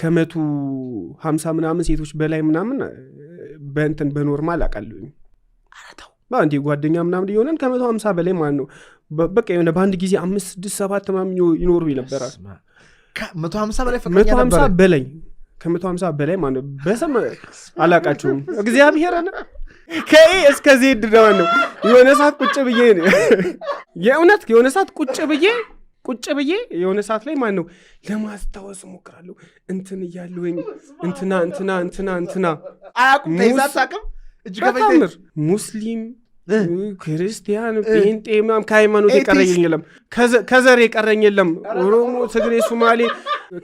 ከመቶ ሀምሳ ምናምን ሴቶች በላይ ምናምን በእንትን በኖርማል አውቃለሁኝ። አረታው በአንድ ጓደኛ ምናምን የሆነን ከመቶ ሀምሳ በላይ ማለት ነው። በቃ የሆነ በአንድ ጊዜ አምስት ስድስት ሰባት ምናምን ይኖሩ ይነበራል። መቶ ሀምሳ በላይ መቶ ሀምሳ በላይ ከመቶ ሀምሳ በላይ ማለት ነው። በሰም አላውቃቸውም። እግዚአብሔር ነ ከኤ እስከዚህ ዜድ ነው። የሆነ ሰዓት ቁጭ ብዬ የእውነት የሆነ ሰዓት ቁጭ ብዬ ቁጭ ብዬ የሆነ ሰዓት ላይ ማን ነው ለማስታወስ እሞክራለሁ። እንትን እያለሁኝ እንትና እንትና እንትና እንትና በጣምር ሙስሊም ክርስቲያን ጴንጤ ምናምን ከሃይማኖት የቀረኝ የለም፣ ከዘር የቀረኝ የለም። ኦሮሞ፣ ትግሬ፣ ሱማሌ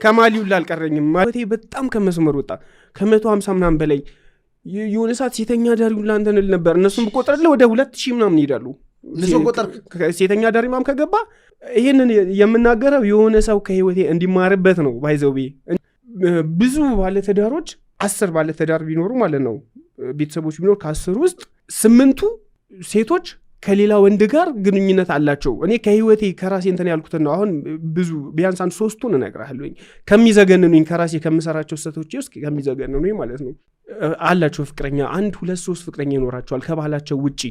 ከማሊ ሁላ አልቀረኝም። ማለቴ በጣም ከመስመር ወጣ። ከመቶ ሀምሳ ምናም በላይ የሆነ ሰዓት ሴተኛ ዳሪ ሁላ እንትን እል ነበር። እነሱም ብቆጥረለ ወደ ሁለት ሺህ ምናምን ይሄዳሉ። ልሶ ቁጥር ሴተኛ አዳሪማም ከገባ ይህንን የምናገረው የሆነ ሰው ከህይወቴ እንዲማርበት ነው። ባይዘው ብዙ ባለተዳሮች አስር ባለተዳር ቢኖሩ ማለት ነው ቤተሰቦች ቢኖር ከአስር ውስጥ ስምንቱ ሴቶች ከሌላ ወንድ ጋር ግንኙነት አላቸው። እኔ ከህይወቴ ከራሴ እንትን ያልኩትን ነው። አሁን ብዙ ቢያንስ አንድ ሶስቱን እነግርሃለሁኝ ከሚዘገንኑኝ ከራሴ ከምሰራቸው ሰቶች ውስጥ ከሚዘገንኑኝ ማለት ነው። አላቸው ፍቅረኛ አንድ ሁለት ሶስት ፍቅረኛ ይኖራቸዋል ከባህላቸው ውጪ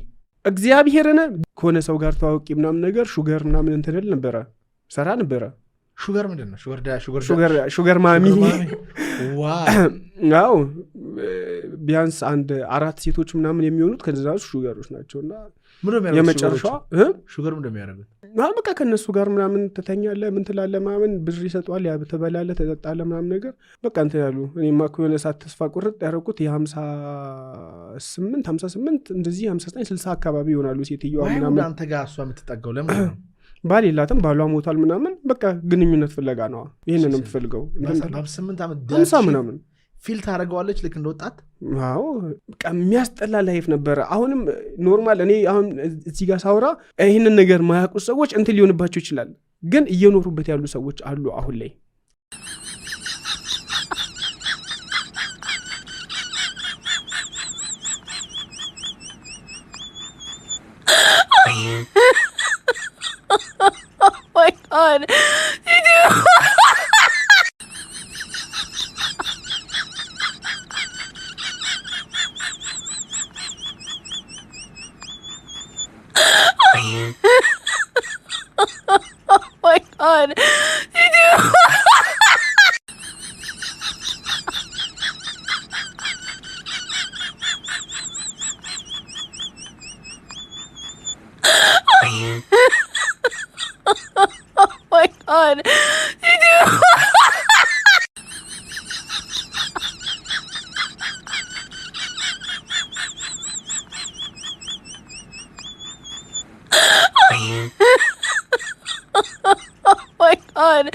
እግዚአብሔርን ከሆነ ሰው ጋር ተዋወቂ ምናምን ነገር ሹገር ምናምን እንትንል ነበረ ሰራ ነበረ። ሹገር ምንድን ነው? ሹገር ማሚ ው ቢያንስ አንድ አራት ሴቶች ምናምን የሚሆኑት ከዛ ሹገሮች ናቸው እና የመጨረሻ ሹገር በቃ ከእነሱ ጋር ምናምን ትተኛለ ምን ትላለ ምናምን ብር ይሰጧል ያብ ትበላለ ተጠጣለ ምናምን ነገር በቃ እንትን ያሉ እኔማ እኮ የሆነ ሰዓት ተስፋ ቁርጥ ያደረኩት የሀምሳ ስምንት ሀምሳ ስምንት እንደዚህ ሀምሳ ዘጠኝ ስልሳ አካባቢ ይሆናሉ ሴትዮዋ ምናምን ጋር እሷ የምትጠጋው ለምን ባል የላትም ባሏ ሞታል ምናምን በቃ ግንኙነት ፍለጋ ነዋ ይህንን የምትፈልገው ምናምን ፊል ታደርገዋለች ልክ እንደ ወጣት አዎ የሚያስጠላ ላይፍ ነበረ አሁንም ኖርማል እኔ አሁን እዚህ ጋር ሳውራ ይህንን ነገር ማያውቁ ሰዎች እንት ሊሆንባቸው ይችላል ግን እየኖሩበት ያሉ ሰዎች አሉ አሁን ላይ Oh my God. oh my god. You oh my god. oh my god.